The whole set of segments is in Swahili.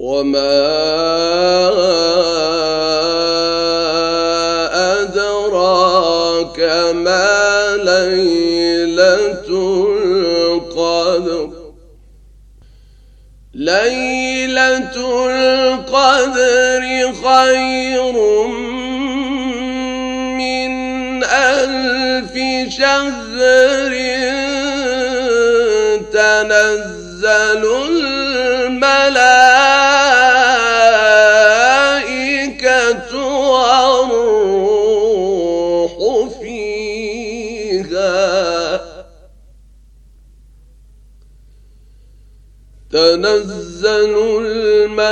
وما أدراك ما ليلة القدر ليلة القدر خير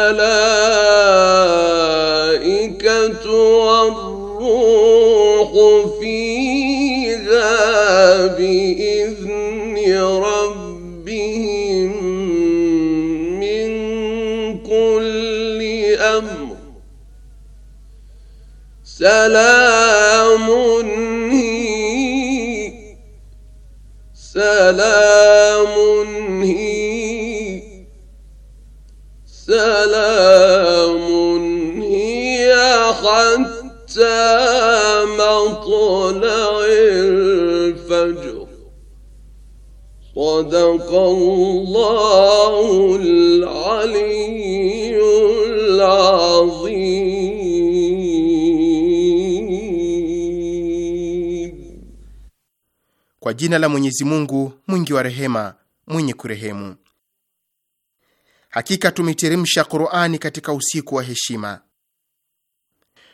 الملائكة والروح فيها بإذن ربهم من كل أمر سلام هي سلام هي hatta matla'il fajr. Sadaqallahul aliyyul azim. Kwa jina la Mwenyezi Mungu mwingi wa rehema mwenye kurehemu. Hakika tumeteremsha Qur'ani katika usiku wa heshima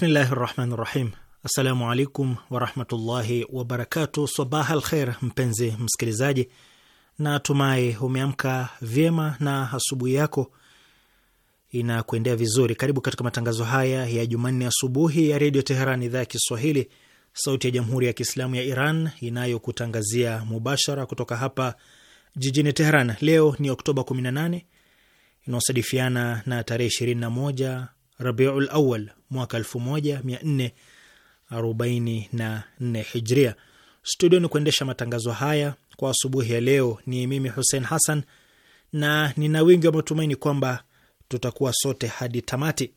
Bismillahi rahmani rahim. Assalamu alaikum warahmatullahi wabarakatu. Sabah al kheir, mpenzi msikilizaji, na tumai umeamka vyema na asubuhi yako inakuendea vizuri. Karibu katika matangazo haya ya Jumanne asubuhi ya Redio Teheran, idhaa ya Kiswahili, sauti ya Jamhuri ya Kiislamu ya Iran inayokutangazia mubashara kutoka hapa jijini Teheran. Leo ni Oktoba 18 inaosadifiana na tarehe 21 Rabiul Awal mwaka 1444 Hijria. Studio ni kuendesha matangazo haya kwa asubuhi ya leo ni mimi Hussein Hassan, na nina wingi wa matumaini kwamba tutakuwa sote hadi tamati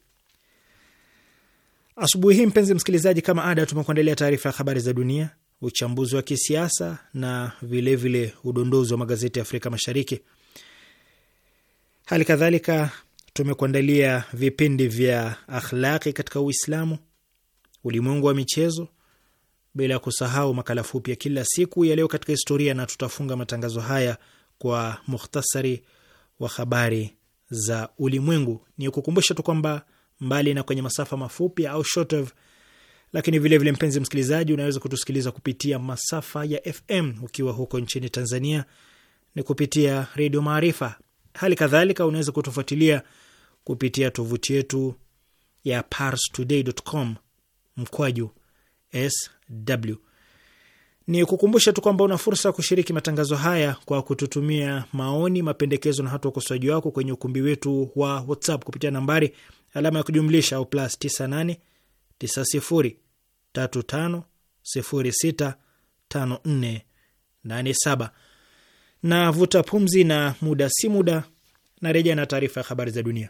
asubuhi hii. Mpenzi msikilizaji, kama ada, tumekuandalia taarifa ya habari za dunia, uchambuzi wa kisiasa na vilevile udondozi wa magazeti ya Afrika Mashariki. Hali kadhalika tumekuandalia vipindi vya akhlaqi katika Uislamu, ulimwengu wa michezo, bila kusahau makala fupi ya kila siku ya leo katika historia, na tutafunga matangazo haya kwa mukhtasari wa habari za ulimwengu. Ni kukumbusha tu kwamba mbali na kwenye masafa mafupi au shortwave, lakini vilevile vile, mpenzi msikilizaji, unaweza kutusikiliza kupitia masafa ya FM ukiwa huko nchini Tanzania ni kupitia Redio Maarifa. Hali kadhalika unaweza kutufuatilia kupitia tovuti yetu ya parstoday.com mkwaju sw. Ni kukumbusha tu kwamba una fursa ya kushiriki matangazo haya kwa kututumia maoni, mapendekezo na hata ukosoaji wako kwenye ukumbi wetu wa WhatsApp kupitia nambari alama ya kujumlisha au plus 98 90 35 06 54 87. Na vuta pumzi, na muda si muda na rejea na taarifa ya habari za dunia.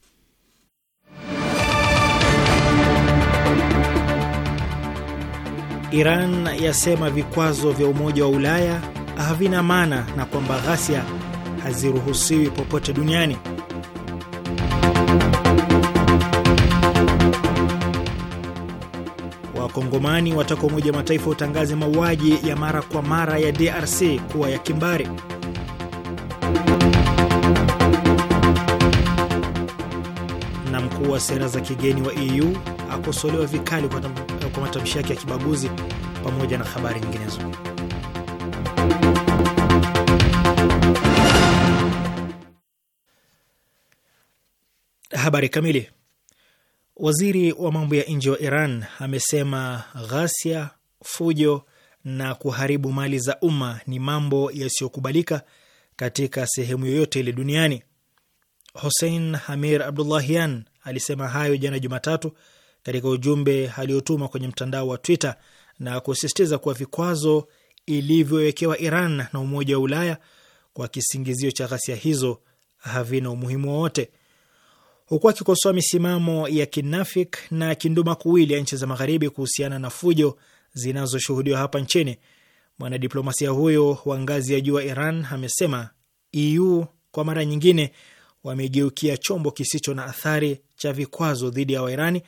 Iran yasema vikwazo vya Umoja wa Ulaya havina maana na kwamba ghasia haziruhusiwi popote duniani. Wakongomani wataka Umoja wa Mataifa utangaze mauaji ya mara kwa mara ya DRC kuwa ya kimbari. Na mkuu wa sera za kigeni wa EU akosolewa vikali kwa kwa matamshi yake ya kibaguzi pamoja na habari nyinginezo. Habari kamili. Waziri wa mambo ya nje wa Iran amesema ghasia, fujo na kuharibu mali za umma ni mambo yasiyokubalika katika sehemu yoyote ile duniani. Hussein Hamir Abdullahian alisema hayo jana Jumatatu katika ujumbe aliotuma kwenye mtandao wa Twitter na kusisitiza kuwa vikwazo ilivyowekewa Iran na Umoja wa Ulaya kwa kisingizio cha ghasia hizo havina umuhimu wowote, huku akikosoa misimamo ya kinafik na kinduma kuwili ya nchi za Magharibi kuhusiana na fujo zinazoshuhudiwa hapa nchini. Mwanadiplomasia huyo wa ngazi ya juu wa Iran amesema EU kwa mara nyingine wamegeukia chombo kisicho na athari cha vikwazo dhidi ya Wairani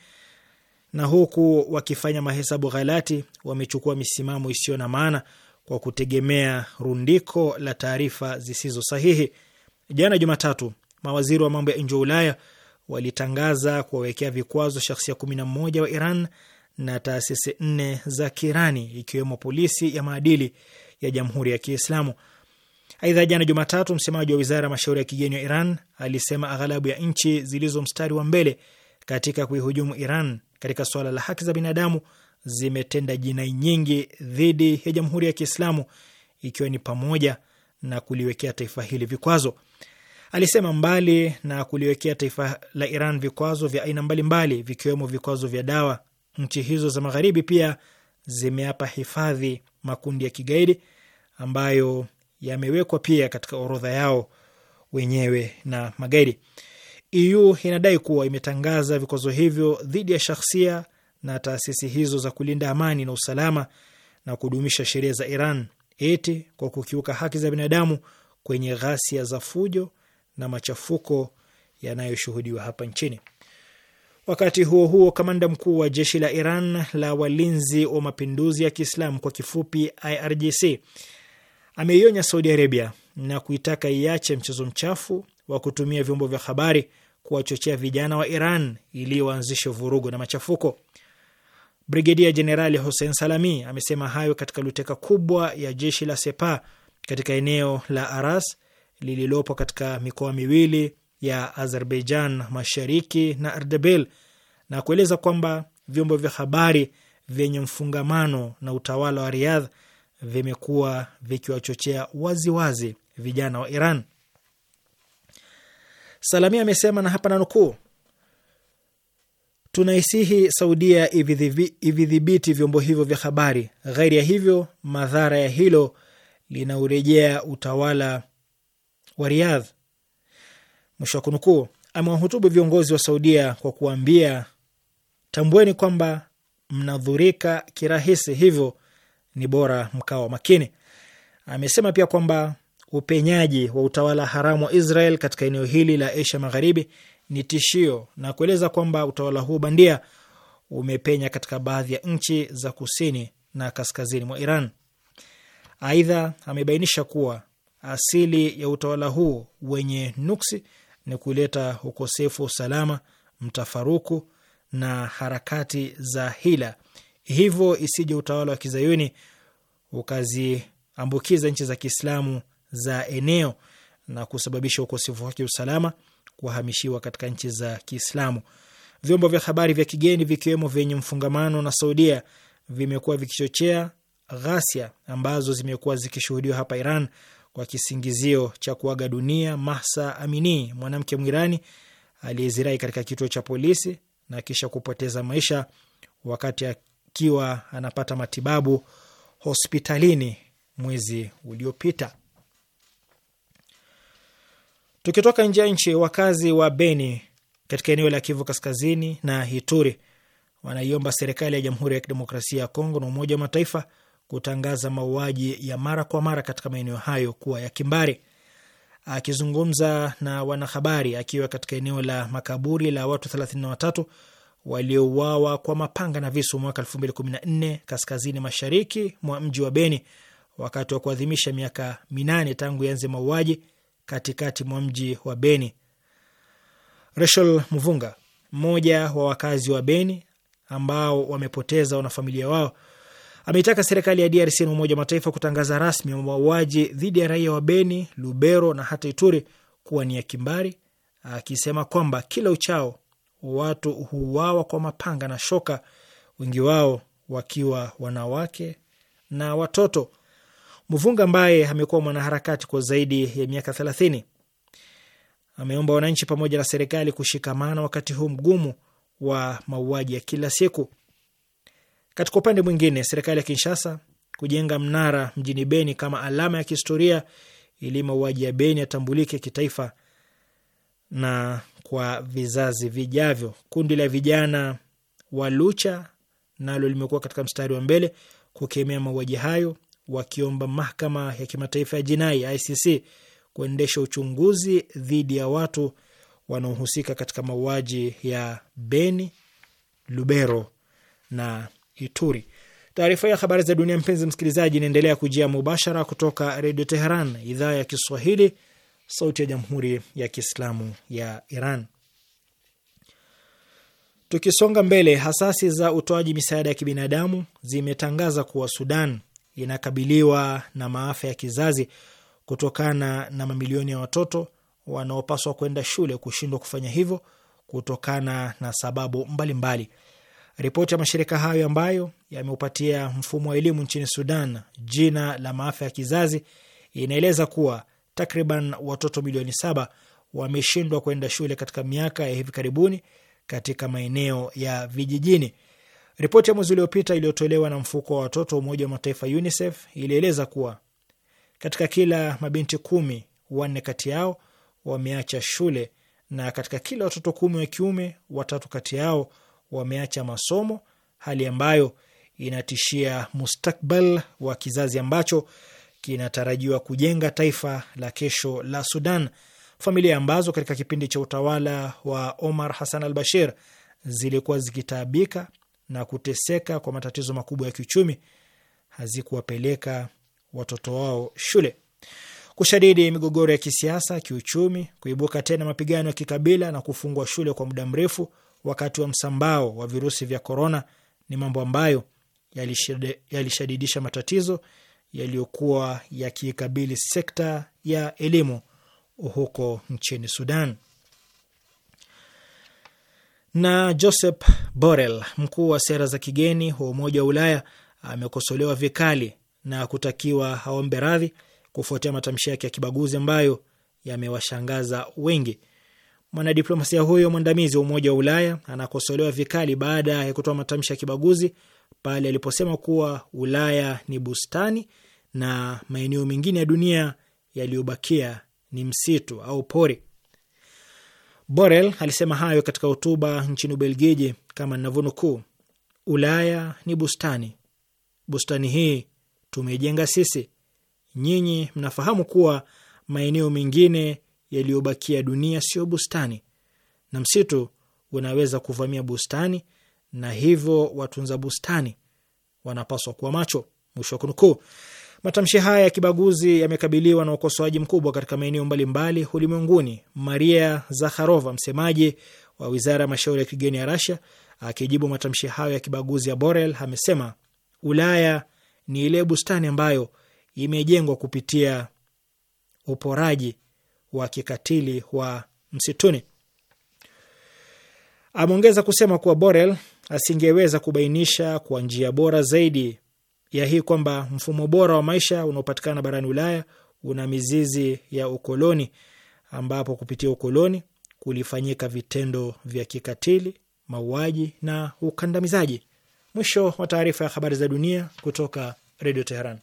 na huku wakifanya mahesabu ghalati, wamechukua misimamo isiyo na maana kwa kutegemea rundiko la taarifa zisizo sahihi. Jana Jumatatu, mawaziri wa mambo ya nje wa Ulaya walitangaza kuwawekea vikwazo shahsia 11 wa Iran na taasisi nne za Kirani, ikiwemo polisi ya maadili ya Jamhuri ya Kiislamu. Aidha, jana Jumatatu, msemaji wa wizara ya mashauri ya kigeni wa Iran alisema aghalabu ya nchi zilizo mstari wa mbele katika kuihujumu Iran katika suala la haki za binadamu zimetenda jinai nyingi dhidi ya Jamhuri ya Kiislamu ikiwa ni pamoja na kuliwekea taifa hili vikwazo. Alisema mbali na kuliwekea taifa la Iran vikwazo vya aina mbalimbali vikiwemo vikwazo vya dawa, nchi hizo za magharibi pia zimeapa hifadhi makundi ya kigaidi ambayo yamewekwa pia katika orodha yao wenyewe na magaidi. EU inadai kuwa imetangaza vikwazo hivyo dhidi ya shahsia na taasisi hizo za kulinda amani na usalama na kudumisha sheria za Iran eti kwa kukiuka haki za binadamu kwenye ghasia za fujo na machafuko yanayoshuhudiwa hapa nchini. Wakati huo huo, kamanda mkuu wa jeshi la Iran la walinzi wa mapinduzi ya Kiislamu kwa kifupi IRGC ameionya Saudi Arabia na kuitaka iache mchezo mchafu wa kutumia vyombo vya habari kuwachochea vijana wa Iran ili waanzishe vurugu na machafuko. Brigedia Jenerali Hussein Salami amesema hayo katika luteka kubwa ya jeshi la Sepa katika eneo la Aras lililopo katika mikoa miwili ya Azerbaijan Mashariki na Ardebel na kueleza kwamba vyombo vya habari vyenye mfungamano na utawala wa Riyadh vimekuwa vikiwachochea waziwazi vijana wa Iran. Salamia amesema na hapa nanukuu, tunaisihi Saudia ividhibiti vyombo hivyo vya habari, ghairi ya hivyo madhara ya hilo linaurejea utawala wa Riyadh, mwisho wa kunukuu. Amewahutubu viongozi wa Saudia kwa kuambia, tambueni kwamba mnadhurika kirahisi, hivyo ni bora mkawa makini. Amesema pia kwamba upenyaji wa utawala haramu wa Israel katika eneo hili la Asia Magharibi ni tishio na kueleza kwamba utawala huo bandia umepenya katika baadhi ya nchi za kusini na kaskazini mwa Iran. Aidha, amebainisha kuwa asili ya utawala huo wenye nuksi ni kuleta ukosefu wa usalama, mtafaruku na harakati za hila, hivyo isije utawala wa kizayuni ukaziambukiza nchi za Kiislamu za eneo na kusababisha ukosefu wake usalama kuhamishiwa katika nchi za Kiislamu. Vyombo vya habari vya kigeni vikiwemo vyenye mfungamano na Saudia vimekuwa vikichochea ghasia ambazo zimekuwa zikishuhudiwa hapa Iran kwa kisingizio cha kuaga dunia Mahsa Amini, mwanamke Mwirani aliyezirai katika kituo cha polisi na kisha kupoteza maisha wakati akiwa anapata matibabu hospitalini mwezi uliopita. Tukitoka nje ya nchi, wakazi wa Beni katika eneo la Kivu Kaskazini na Ituri wanaiomba serikali ya Jamhuri ya Kidemokrasia ya Kongo na Umoja wa Mataifa kutangaza mauaji ya mara kwa mara katika maeneo hayo kuwa ya kimbari. Akizungumza na wanahabari akiwa katika eneo la makaburi la watu 33 waliouawa kwa mapanga na visu mwaka 2014 kaskazini mashariki mwa mji wa Beni wakati wa kuadhimisha miaka minane tangu yanze mauaji katikati mwa mji wa Beni. Rachel Mvunga, mmoja wa wakazi wa Beni ambao wamepoteza wanafamilia wao, ameitaka serikali ya DRC na Umoja wa Mataifa kutangaza rasmi mauaji dhidi ya raia wa Beni, Lubero na hata Ituri kuwa ni ya kimbari, akisema kwamba kila uchao watu huuawa kwa mapanga na shoka, wengi wao wakiwa wanawake na watoto. Mvunga ambaye amekuwa mwanaharakati kwa zaidi ya miaka thelathini ameomba wananchi pamoja na serikali kushikamana wakati huu mgumu wa mauaji ya kila siku. Katika upande mwingine, serikali ya Kinshasa kujenga mnara mjini Beni kama alama ya kihistoria ili mauaji ya Beni yatambulike kitaifa na kwa vizazi vijavyo. Kundi la vijana wa Lucha nalo limekuwa katika mstari wa mbele kukemea mauaji hayo wakiomba mahakama ya kimataifa ya jinai ICC kuendesha uchunguzi dhidi ya watu wanaohusika katika mauaji ya Beni, Lubero na Ituri. Taarifa ya habari za dunia, mpenzi msikilizaji, inaendelea kujia mubashara kutoka Redio Teheran, idhaa ya Kiswahili, sauti ya Jamhuri ya Kiislamu ya Iran. Tukisonga mbele, hasasi za utoaji misaada ya kibinadamu zimetangaza kuwa Sudan inakabiliwa na maafa ya kizazi kutokana na mamilioni ya watoto wanaopaswa kwenda shule kushindwa kufanya hivyo kutokana na sababu mbalimbali. Ripoti ya mashirika hayo ambayo yameupatia mfumo wa elimu nchini Sudan jina la maafa ya kizazi inaeleza kuwa takriban watoto milioni saba wameshindwa kwenda shule katika miaka ya hivi karibuni katika maeneo ya vijijini. Ripoti ya mwezi uliopita iliyotolewa na mfuko wa watoto wa Umoja wa Mataifa UNICEF ilieleza kuwa katika kila mabinti kumi, wanne kati yao wameacha shule na katika kila watoto kumi wa kiume, watatu kati yao wameacha masomo, hali ambayo inatishia mustakbal wa kizazi ambacho kinatarajiwa kujenga taifa la kesho la Sudan. Familia ambazo katika kipindi cha utawala wa Omar Hassan al Bashir zilikuwa zikitaabika na kuteseka kwa matatizo makubwa ya kiuchumi hazikuwapeleka watoto wao shule. Kushadidi migogoro ya kisiasa, kiuchumi, kuibuka tena mapigano ya kikabila na kufungwa shule kwa muda mrefu wakati wa msambao wa virusi vya korona ni mambo ambayo yalishadidisha matatizo yaliyokuwa yakiikabili sekta ya elimu huko nchini Sudan. Na Josep Borrell, mkuu wa sera za kigeni wa Umoja wa Ulaya, amekosolewa vikali na kutakiwa aombe radhi kufuatia matamshi yake ya kibaguzi ambayo yamewashangaza wengi. Mwanadiplomasia huyo mwandamizi wa Umoja wa Ulaya anakosolewa vikali baada ya kutoa matamshi ya kibaguzi pale aliposema kuwa Ulaya ni bustani na maeneo mengine ya dunia yaliyobakia ni msitu au pori. Borel alisema hayo katika hotuba nchini Ubelgiji, kama ninavyonukuu: Ulaya ni bustani, bustani hii tumeijenga sisi. Nyinyi mnafahamu kuwa maeneo mengine yaliyobakia dunia siyo bustani, na msitu unaweza kuvamia bustani, na hivyo watunza bustani wanapaswa kuwa macho. Mwisho wa kunukuu. Matamshi haya ya kibaguzi yamekabiliwa na ukosoaji mkubwa katika maeneo mbalimbali ulimwenguni. Maria Zakharova, msemaji wa wizara ya mashauri ya kigeni ya Rasia, akijibu matamshi hayo ya kibaguzi ya Borel amesema Ulaya ni ile bustani ambayo imejengwa kupitia uporaji wa kikatili wa msituni. Ameongeza kusema kuwa Borel asingeweza kubainisha kwa njia bora zaidi ya hii kwamba mfumo bora wa maisha unaopatikana barani Ulaya una mizizi ya ukoloni, ambapo kupitia ukoloni kulifanyika vitendo vya kikatili, mauaji na ukandamizaji. Mwisho wa taarifa ya habari za dunia kutoka Redio Teheran.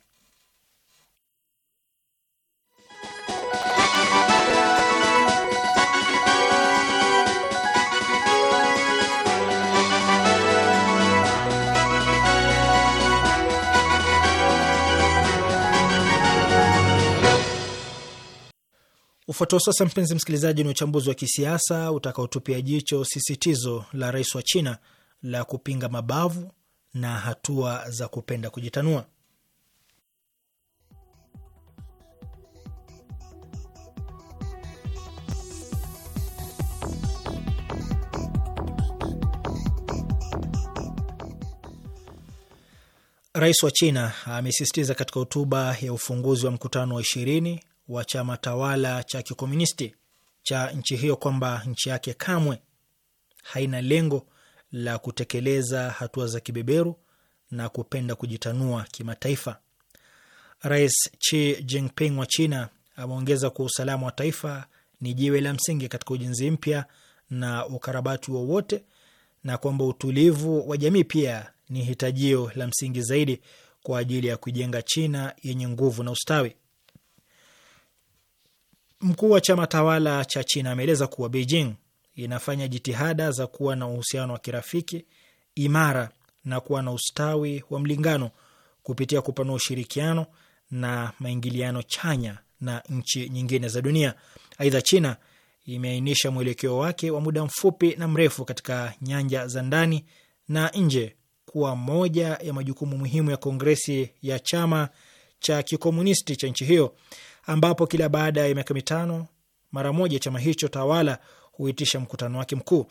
Ufuatao sasa, mpenzi msikilizaji, ni uchambuzi wa kisiasa utakaotupia jicho sisitizo la rais wa China la kupinga mabavu na hatua za kupenda kujitanua. Rais wa China amesisitiza katika hotuba ya ufunguzi wa mkutano wa ishirini wa chama tawala cha kikomunisti cha nchi hiyo kwamba nchi yake kamwe haina lengo la kutekeleza hatua za kibeberu na kupenda kujitanua kimataifa. Rais Xi Jinping wa China ameongeza kuwa usalama wa taifa ni jiwe la msingi katika ujenzi mpya na ukarabati wowote, na kwamba utulivu wa jamii pia ni hitajio la msingi zaidi kwa ajili ya kuijenga China yenye nguvu na ustawi. Mkuu wa chama tawala cha China ameeleza kuwa Beijing inafanya jitihada za kuwa na uhusiano wa kirafiki imara na kuwa na ustawi wa mlingano kupitia kupanua ushirikiano na maingiliano chanya na nchi nyingine za dunia. Aidha, China imeainisha mwelekeo wake wa muda mfupi na mrefu katika nyanja za ndani na nje kuwa moja ya majukumu muhimu ya kongresi ya chama cha kikomunisti cha nchi hiyo ambapo kila baada ya miaka mitano mara moja chama hicho tawala huitisha mkutano wake mkuu.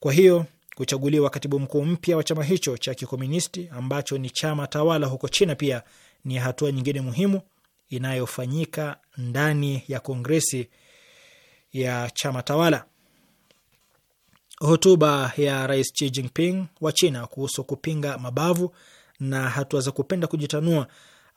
Kwa hiyo kuchaguliwa katibu mkuu mpya wa chama hicho cha kikomunisti ambacho ni chama tawala huko China pia ni hatua nyingine muhimu inayofanyika ndani ya kongresi ya chama tawala. Hotuba ya Rais Xi Jinping wa China kuhusu kupinga mabavu na hatua za kupenda kujitanua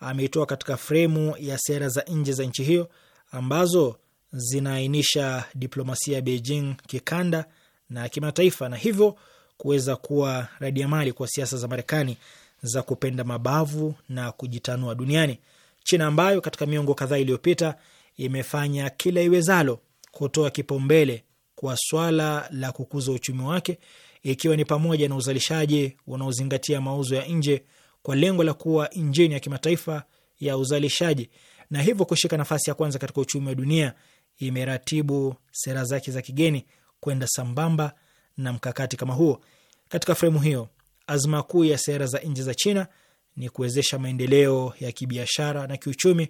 ameitoa katika fremu ya sera za nje za nchi hiyo ambazo zinaainisha diplomasia ya Beijing kikanda na kimataifa na hivyo kuweza kuwa radiamali kwa siasa za Marekani za kupenda mabavu na kujitanua duniani. China ambayo katika miongo kadhaa iliyopita imefanya kila iwezalo kutoa kipaumbele kwa swala la kukuza uchumi wake, ikiwa ni pamoja na uzalishaji unaozingatia mauzo ya nje kwa lengo la kuwa injini ya kimataifa ya uzalishaji na hivyo kushika nafasi ya kwanza katika uchumi wa dunia, imeratibu sera zake za kigeni kwenda sambamba na mkakati kama huo. Katika fremu hiyo, azma kuu ya sera za nchi za China ni kuwezesha maendeleo ya kibiashara na kiuchumi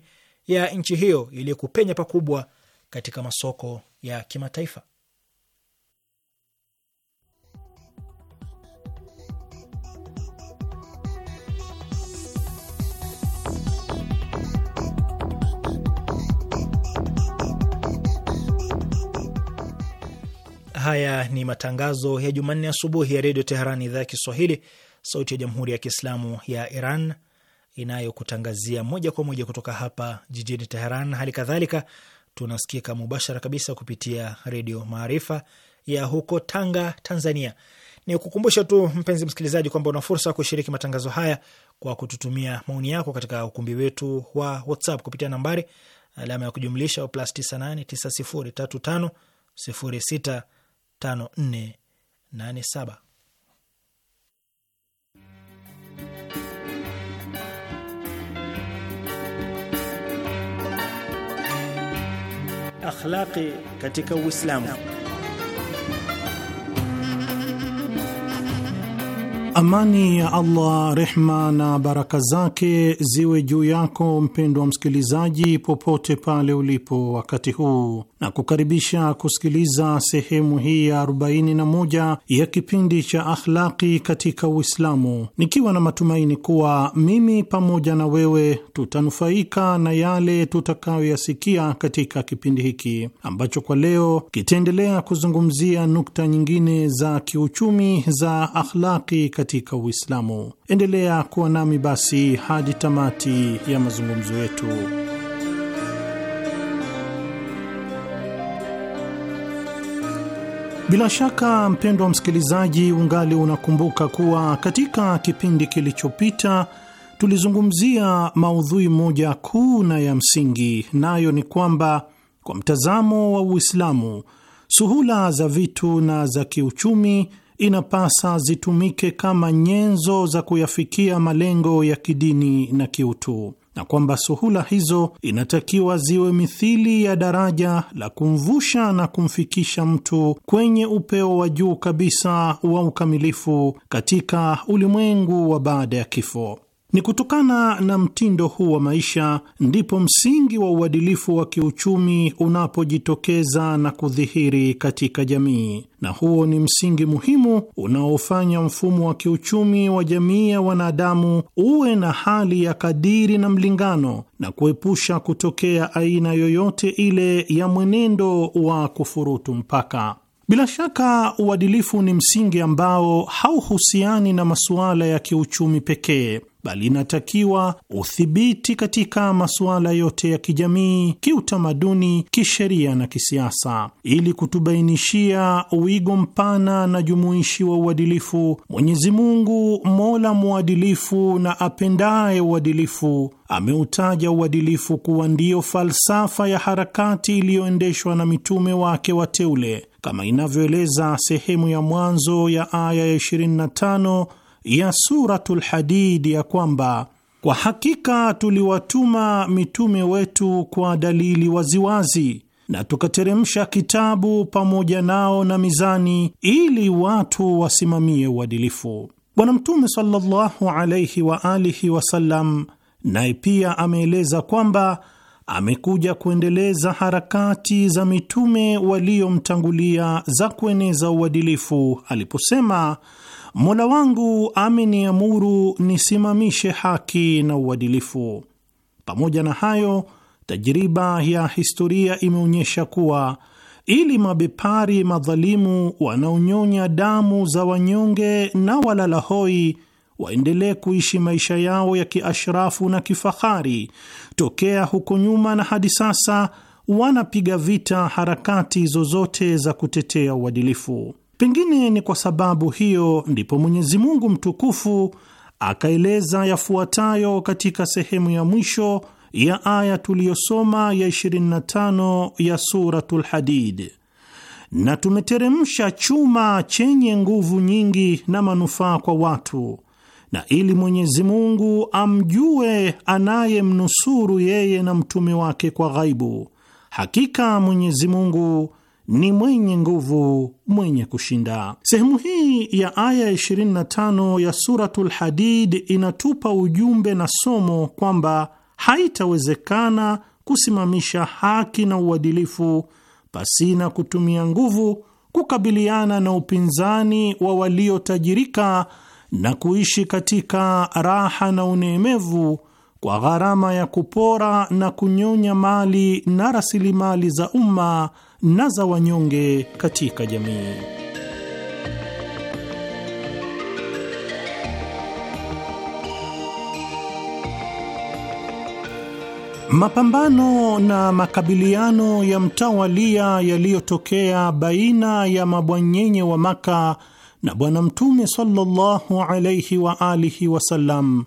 ya nchi hiyo ili kupenya pakubwa katika masoko ya kimataifa. Haya ni matangazo ya Jumanne asubuhi ya Redio Teheran, idhaa ya Kiswahili, sauti ya Jamhuri ya Kiislamu ya Iran inayokutangazia moja kwa moja kutoka hapa jijini Teheran. Hali kadhalika tunasikika mubashara kabisa kupitia Redio Maarifa ya huko Tanga, Tanzania. Ni kukumbusha tu mpenzi msikilizaji kwamba una fursa ya kushiriki matangazo haya kwa kututumia maoni yako katika ukumbi wetu wa WhatsApp kupitia nambari alama ya kujumlisha plus 98 903506 5487. Akhlaqi katika Uislamu. Amani ya Allah, rehma na baraka zake ziwe juu yako mpendwa msikilizaji, popote pale ulipo wakati huu, na kukaribisha kusikiliza sehemu hii ya 41 ya kipindi cha Akhlaqi katika Uislamu, nikiwa na matumaini kuwa mimi pamoja na wewe tutanufaika na yale tutakayoyasikia katika kipindi hiki ambacho kwa leo kitaendelea kuzungumzia nukta nyingine za kiuchumi za akhlaqi katika Uislamu. Endelea kuwa nami basi hadi tamati ya mazungumzo yetu. Bila shaka mpendwa msikilizaji, ungali unakumbuka kuwa katika kipindi kilichopita tulizungumzia maudhui moja kuu na ya msingi, nayo ni kwamba kwa mtazamo wa Uislamu, suhula za vitu na za kiuchumi inapasa zitumike kama nyenzo za kuyafikia malengo ya kidini na kiutu, na kwamba suhula hizo inatakiwa ziwe mithili ya daraja la kumvusha na kumfikisha mtu kwenye upeo wa juu kabisa wa ukamilifu katika ulimwengu wa baada ya kifo. Ni kutokana na mtindo huu wa maisha ndipo msingi wa uadilifu wa kiuchumi unapojitokeza na kudhihiri katika jamii, na huo ni msingi muhimu unaofanya mfumo wa kiuchumi wa jamii ya wanadamu uwe na hali ya kadiri na mlingano na kuepusha kutokea aina yoyote ile ya mwenendo wa kufurutu mpaka. Bila shaka uadilifu ni msingi ambao hauhusiani na masuala ya kiuchumi pekee bali inatakiwa uthibiti katika masuala yote ya kijamii, kiutamaduni, kisheria na kisiasa, ili kutubainishia wigo mpana na jumuishi wa uadilifu. Mwenyezi Mungu, mola mwadilifu na apendaye uadilifu, ameutaja uadilifu kuwa ndiyo falsafa ya harakati iliyoendeshwa na mitume wake wateule, kama inavyoeleza sehemu ya mwanzo ya aya ya 25 ya Suratul Hadid ya kwamba kwa hakika tuliwatuma mitume wetu kwa dalili waziwazi na tukateremsha kitabu pamoja nao na mizani ili watu wasimamie uadilifu. Bwana Mtume sallallahu wa alihi wasallam naye pia ameeleza kwamba amekuja kuendeleza harakati za mitume waliomtangulia za kueneza uadilifu aliposema Mola wangu ameniamuru nisimamishe haki na uadilifu. Pamoja na hayo, tajriba ya historia imeonyesha kuwa ili mabepari madhalimu wanaonyonya damu za wanyonge na walala hoi waendelee kuishi maisha yao ya kiashrafu na kifahari, tokea huko nyuma na hadi sasa wanapiga vita harakati zozote za kutetea uadilifu. Pengine ni kwa sababu hiyo ndipo Mwenyezi Mungu mtukufu akaeleza yafuatayo katika sehemu ya mwisho ya aya tuliyosoma ya 25 ya Suratul Hadid: na tumeteremsha chuma chenye nguvu nyingi na manufaa kwa watu, na ili Mwenyezi Mungu amjue anayemnusuru yeye na mtume wake kwa ghaibu. Hakika Mwenyezi Mungu ni mwenye nguvu mwenye kushinda. Sehemu hii ya aya 25 ya Suratul Hadid inatupa ujumbe na somo kwamba haitawezekana kusimamisha haki na uadilifu pasina kutumia nguvu kukabiliana na upinzani wa waliotajirika na kuishi katika raha na uneemevu kwa gharama ya kupora na kunyonya mali na rasilimali za umma na za wanyonge katika jamii. Mapambano na makabiliano ya mtawalia yaliyotokea baina ya mabwanyenye wa Maka na Bwana Mtume sallallahu alaihi wa alihi wasallam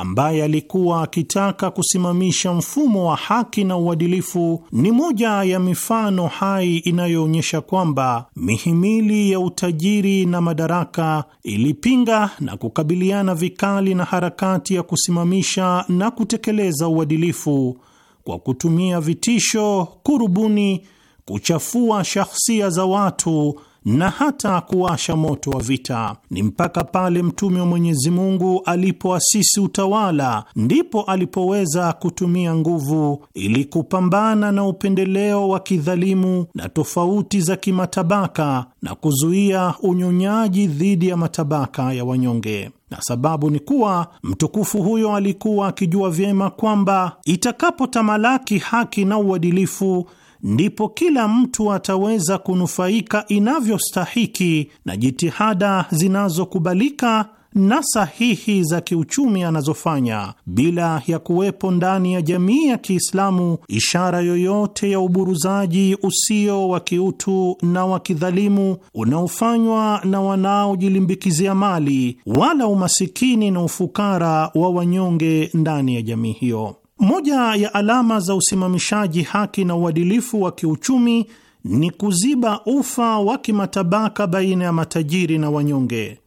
ambaye alikuwa akitaka kusimamisha mfumo wa haki na uadilifu ni moja ya mifano hai inayoonyesha kwamba mihimili ya utajiri na madaraka ilipinga na kukabiliana vikali na harakati ya kusimamisha na kutekeleza uadilifu kwa kutumia vitisho, kurubuni, kuchafua shahsia za watu na hata kuwasha moto wa vita. Ni mpaka pale Mtume wa Mwenyezi Mungu alipoasisi utawala ndipo alipoweza kutumia nguvu ili kupambana na upendeleo wa kidhalimu na tofauti za kimatabaka na kuzuia unyonyaji dhidi ya matabaka ya wanyonge. Na sababu ni kuwa mtukufu huyo alikuwa akijua vyema kwamba itakapotamalaki haki na uadilifu ndipo kila mtu ataweza kunufaika inavyostahiki na jitihada zinazokubalika na sahihi za kiuchumi anazofanya bila ya kuwepo ndani ya jamii ya Kiislamu ishara yoyote ya uburuzaji usio wa kiutu na wa kidhalimu unaofanywa na wanaojilimbikizia mali wala umasikini na ufukara wa wanyonge ndani ya jamii hiyo. Moja ya alama za usimamishaji haki na uadilifu wa kiuchumi ni kuziba ufa wa kimatabaka baina ya matajiri na wanyonge.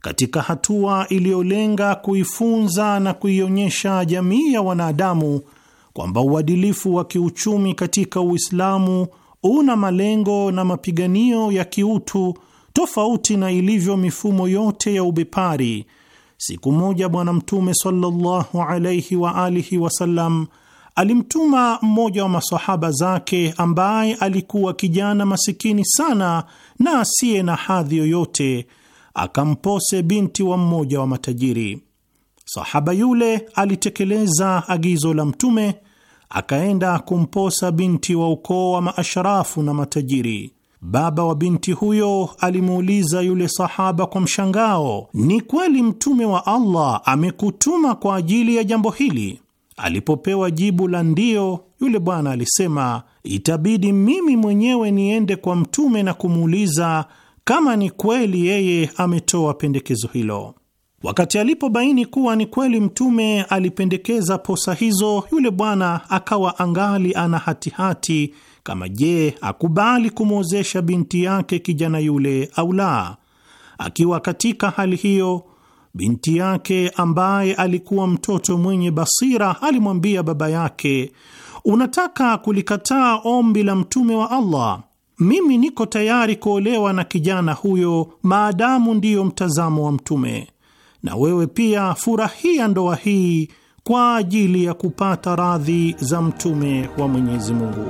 Katika hatua iliyolenga kuifunza na kuionyesha jamii ya wanadamu kwamba uadilifu wa kiuchumi katika Uislamu una malengo na mapiganio ya kiutu tofauti na ilivyo mifumo yote ya ubepari Siku moja Bwana Mtume sallallahu alaihi wa alihi wasallam alimtuma mmoja wa masahaba zake ambaye alikuwa kijana masikini sana na asiye na hadhi yoyote, akampose binti wa mmoja wa matajiri. Sahaba yule alitekeleza agizo la Mtume, akaenda kumposa binti wa ukoo wa maashrafu na matajiri. Baba wa binti huyo alimuuliza yule sahaba kwa mshangao, ni kweli mtume wa Allah amekutuma kwa ajili ya jambo hili? Alipopewa jibu la ndio yule bwana alisema, itabidi mimi mwenyewe niende kwa mtume na kumuuliza kama ni kweli yeye ametoa pendekezo hilo. Wakati alipobaini kuwa ni kweli mtume alipendekeza posa hizo, yule bwana akawa angali ana hatihati kama je, akubali kumwozesha binti yake kijana yule au la. Akiwa katika hali hiyo, binti yake ambaye alikuwa mtoto mwenye basira alimwambia baba yake, unataka kulikataa ombi la mtume wa Allah? Mimi niko tayari kuolewa na kijana huyo maadamu ndiyo mtazamo wa mtume, na wewe pia furahia ndoa hii kwa ajili ya kupata radhi za mtume wa Mwenyezi Mungu.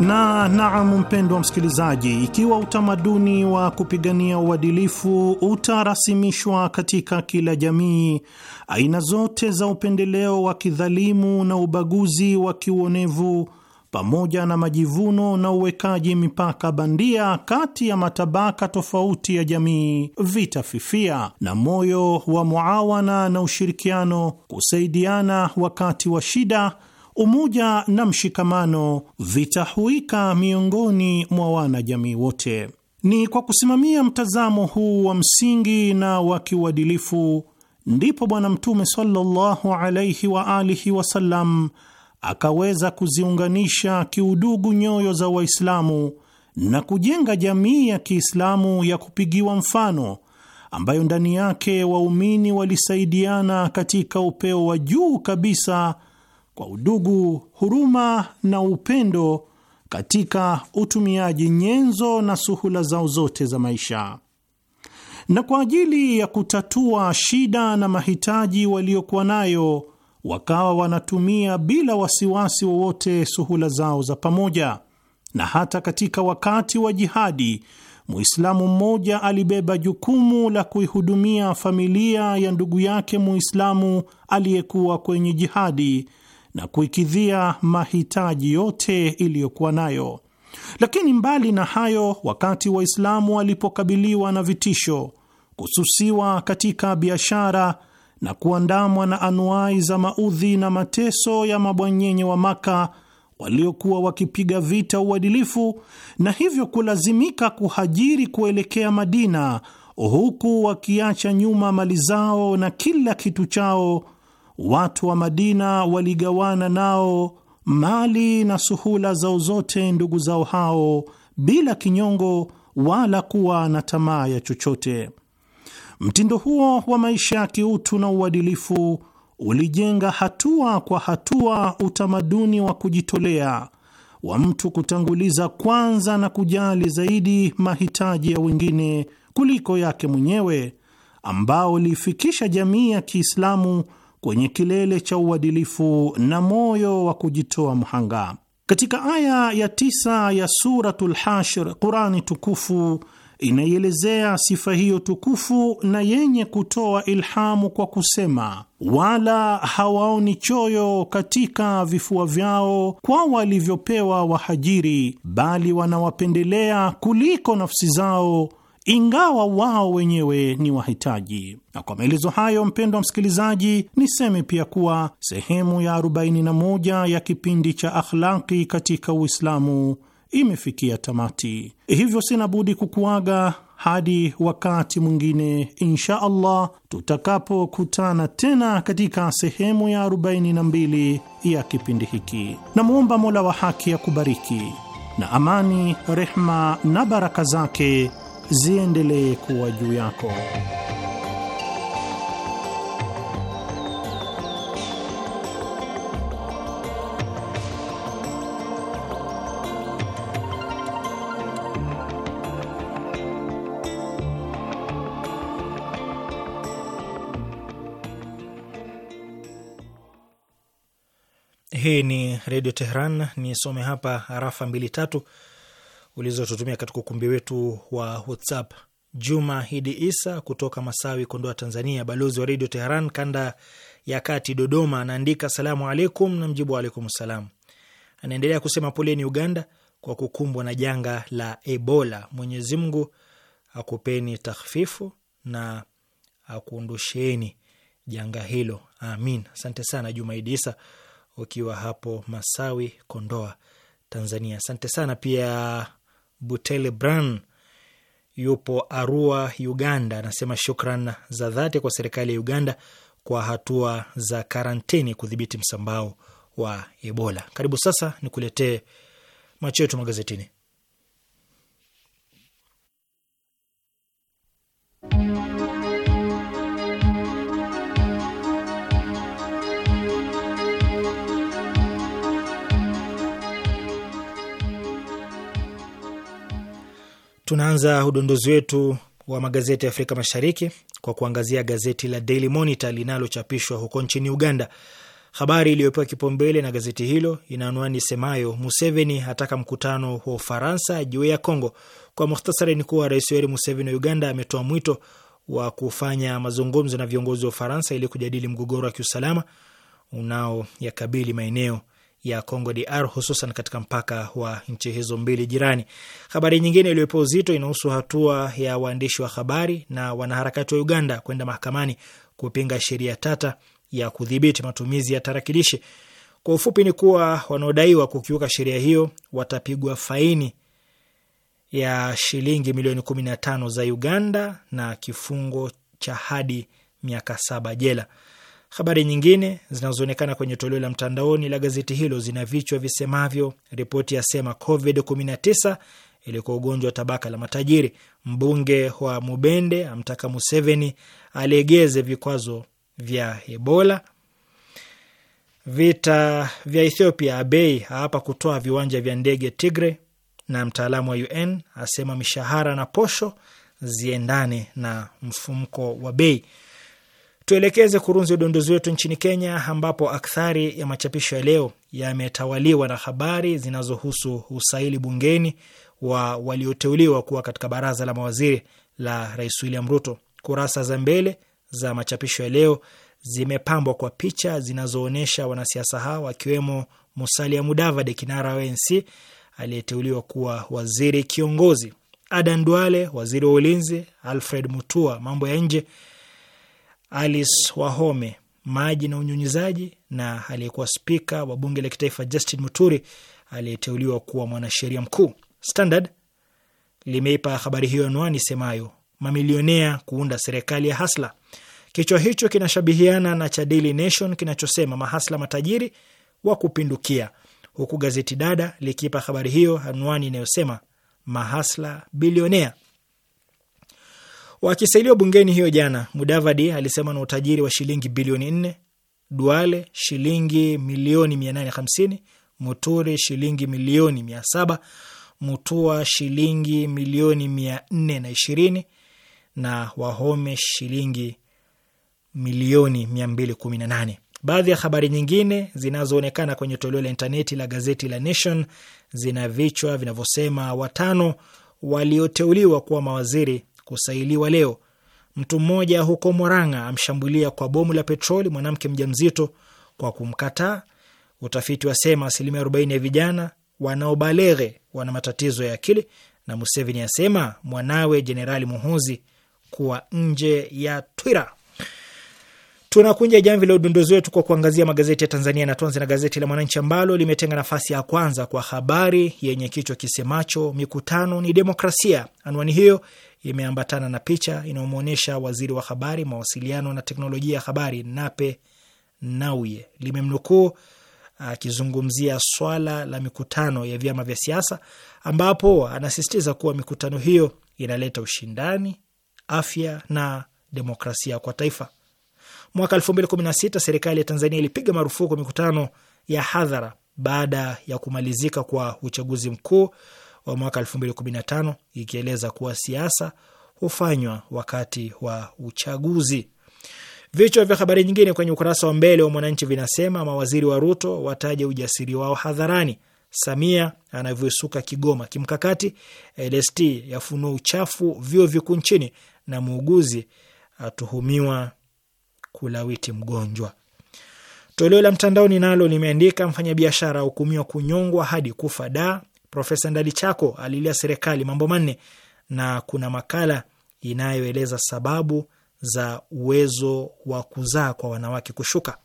Na naam, mpendwa msikilizaji, ikiwa utamaduni wa kupigania uadilifu utarasimishwa katika kila jamii, aina zote za upendeleo wa kidhalimu na ubaguzi wa kiuonevu pamoja na majivuno na uwekaji mipaka bandia kati ya matabaka tofauti ya jamii vitafifia, na moyo wa muawana na ushirikiano, kusaidiana wakati wa shida umoja na mshikamano vitahuika miongoni mwa wanajamii wote. Ni kwa kusimamia mtazamo huu wa msingi na wa kiuadilifu ndipo Bwana Mtume sallallahu alaihi wa alihi wasallam akaweza kuziunganisha kiudugu nyoyo za Waislamu na kujenga jamii ya Kiislamu ya kupigiwa mfano ambayo ndani yake waumini walisaidiana katika upeo wa juu kabisa kwa udugu, huruma na upendo katika utumiaji nyenzo na suhula zao zote za maisha na kwa ajili ya kutatua shida na mahitaji waliokuwa nayo wakawa wanatumia bila wasiwasi wowote suhula zao za pamoja. Na hata katika wakati wa jihadi, Muislamu mmoja alibeba jukumu la kuihudumia familia ya ndugu yake Muislamu aliyekuwa kwenye jihadi na kuikidhia mahitaji yote iliyokuwa nayo. Lakini mbali na hayo, wakati Waislamu walipokabiliwa na vitisho, kususiwa katika biashara na kuandamwa na anuai za maudhi na mateso ya mabwanyenye wa Maka waliokuwa wakipiga vita uadilifu na hivyo kulazimika kuhajiri kuelekea Madina, huku wakiacha nyuma mali zao na kila kitu chao watu wa Madina waligawana nao mali na suhula zao zote ndugu zao hao bila kinyongo wala kuwa na tamaa ya chochote. Mtindo huo wa maisha ya kiutu na uadilifu ulijenga hatua kwa hatua utamaduni wa kujitolea wa mtu kutanguliza kwanza na kujali zaidi mahitaji ya wengine kuliko yake mwenyewe, ambao liifikisha jamii ya Kiislamu kwenye kilele cha uadilifu na moyo wa kujitoa mhanga. Katika aya ya tisa ya Suratul Hashr, Qurani tukufu inaielezea sifa hiyo tukufu na yenye kutoa ilhamu kwa kusema, wala hawaoni choyo katika vifua vyao kwa walivyopewa wahajiri, bali wanawapendelea kuliko nafsi zao ingawa wao wenyewe ni wahitaji. Na kwa maelezo hayo, mpendwa msikilizaji, niseme pia kuwa sehemu ya 41 ya kipindi cha Akhlaqi katika Uislamu imefikia tamati, hivyo sina budi kukuaga hadi wakati mwingine insha Allah tutakapokutana tena katika sehemu ya 42 ya kipindi hiki. Namwomba Mola wa haki ya kubariki na amani, rehma na baraka zake ziendelee kuwa juu yako. Hii ni Redio Tehran. Nisome hapa arafa mbili tatu ulizotutumia katika ukumbi wetu wa WhatsApp. Juma Hidi Isa kutoka Masawi, Kondoa, Tanzania, balozi wa Redio Teheran kanda ya kati Dodoma, anaandika salamu alaikum, na mjibu alaikum salam. Anaendelea kusema poleni Uganda kwa kukumbwa na janga la Ebola. Mwenyezi Mungu akupeni takhfifu na akuondosheni janga hilo, amin. Asante sana Juma Hidi Isa ukiwa hapo Masawi, Kondoa, Tanzania. Asante sana pia Butele Bran yupo Arua, Uganda, anasema shukran za dhati kwa serikali ya Uganda kwa hatua za karantini kudhibiti msambao wa Ebola. Karibu sasa kuletee macho yetu magazetini. Tunaanza udondozi wetu wa magazeti ya Afrika Mashariki kwa kuangazia gazeti la Daily Monitor linalochapishwa huko nchini Uganda. Habari iliyopewa kipaumbele na gazeti hilo ina anwani semayo Museveni ataka mkutano wa Ufaransa juu ya Kongo. Kwa muhtasari, ni kuwa Rais Yoweri Museveni wa Uganda ametoa mwito wa kufanya mazungumzo na viongozi wa Ufaransa ili kujadili mgogoro wa kiusalama unaoyakabili maeneo ya Congo DR, hususan katika mpaka wa nchi hizo mbili jirani. Habari nyingine iliyopewa uzito inahusu hatua ya waandishi wa habari na wanaharakati wa Uganda kwenda mahakamani kupinga sheria tata ya kudhibiti matumizi ya tarakilishi. Kwa ufupi ni kuwa wanaodaiwa kukiuka sheria hiyo watapigwa faini ya shilingi milioni 15 za Uganda na kifungo cha hadi miaka saba jela. Habari nyingine zinazoonekana kwenye toleo la mtandaoni la gazeti hilo zina vichwa visemavyo: ripoti yasema COVID-19 ilikuwa ugonjwa wa tabaka la matajiri, mbunge wa Mubende amtaka Museveni alegeze vikwazo vya Ebola, vita vya Ethiopia, Abei hapa kutoa viwanja vya ndege Tigre, na mtaalamu wa UN asema mishahara na posho ziendane na mfumko wa bei. Tuelekeze kurunzi udondozi wetu nchini Kenya, ambapo akthari ya machapisho ya leo yametawaliwa na habari zinazohusu usaili bungeni wa walioteuliwa kuwa katika baraza la mawaziri la Rais William Ruto. Kurasa za mbele za machapisho ya leo zimepambwa kwa picha zinazoonyesha wanasiasa hao akiwemo Musalia Mudavadi, kinara wa ANC aliyeteuliwa kuwa waziri kiongozi, Adan Duale, waziri wa ulinzi, Alfred Mutua, mambo ya nje Alice Wahome, maji na unyunyizaji, na aliyekuwa spika wa bunge la kitaifa Justin Muturi aliyeteuliwa kuwa mwanasheria mkuu. Standard limeipa habari hiyo anwani semayo mamilionea kuunda serikali ya hasla. Kichwa hicho kinashabihiana na cha Daily Nation kinachosema mahasla matajiri wa kupindukia, huku gazeti dada likiipa habari hiyo anwani inayosema mahasla bilionea. Wakisailiwa bungeni hiyo jana, Mudavadi alisema na utajiri wa shilingi bilioni nne, Duale shilingi milioni mia nane hamsini, Muturi shilingi milioni mia saba, Mutua shilingi milioni mia nne na ishirini na Wahome shilingi milioni mia mbili kumi na nane. Baadhi ya habari nyingine zinazoonekana kwenye toleo la intaneti la gazeti la Nation zina vichwa vinavyosema watano walioteuliwa kuwa mawaziri kusailiwa leo. Mtu mmoja huko Moranga amshambulia kwa bomu la petroli mwanamke mjamzito kwa kumkataa. Utafiti wasema asilimia arobaini ya vijana wanaobalere wana matatizo ya akili, na Museveni asema mwanawe Jenerali Muhozi kuwa nje ya twira. Tunakunja jamvi la udondozi wetu kwa kuangazia magazeti ya Tanzania na tuanze na gazeti la Mwananchi ambalo limetenga nafasi ya kwanza kwa habari yenye kichwa kisemacho mikutano ni demokrasia. Anwani hiyo imeambatana na picha inayomwonyesha waziri wa habari, mawasiliano na teknolojia ya habari Nape Nauye. Limemnukuu akizungumzia swala la mikutano ya vyama vya siasa, ambapo anasisitiza kuwa mikutano hiyo inaleta ushindani, afya na demokrasia kwa taifa. Mwaka 2016 serikali ya Tanzania ilipiga marufuku mikutano ya hadhara baada ya kumalizika kwa uchaguzi mkuu wa mwaka 2015 ikieleza kuwa siasa hufanywa wakati wa uchaguzi. Vichwa vya habari nyingine kwenye ukurasa wa mbele wa Mwananchi vinasema mawaziri wa Ruto wataja ujasiri wao hadharani, Samia anavyosuka Kigoma kimkakati, LST yafunua uchafu vyuo vikuu nchini, na muuguzi atuhumiwa kulawiti mgonjwa. Toleo la mtandaoni nalo limeandika mfanyabiashara ahukumiwa kunyongwa hadi kufa da. Profesa Ndalichako alilia serikali mambo manne, na kuna makala inayoeleza sababu za uwezo wa kuzaa kwa wanawake kushuka.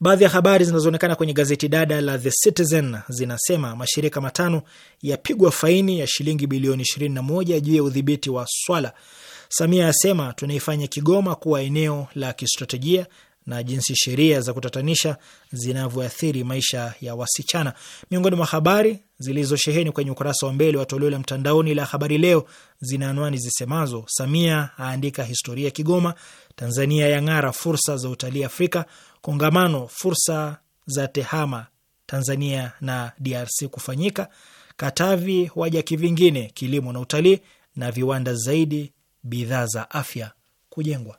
Baadhi ya habari zinazoonekana kwenye gazeti dada la The Citizen zinasema mashirika matano yapigwa faini ya shilingi bilioni 21 juu ya udhibiti wa swala. Samia asema tunaifanya Kigoma kuwa eneo la kistratejia na jinsi sheria za kutatanisha zinavyoathiri maisha ya wasichana. Miongoni mwa habari zilizosheheni kwenye ukurasa wa mbele wa toleo la mtandaoni la Habari Leo zina anwani zisemazo: Samia aandika historia Kigoma, Tanzania ng'ara, fursa za utalii Afrika, kongamano fursa za tehama Tanzania na DRC kufanyika, Katavi waja kivingine, kilimo na utalii, na viwanda zaidi bidhaa za afya kujengwa.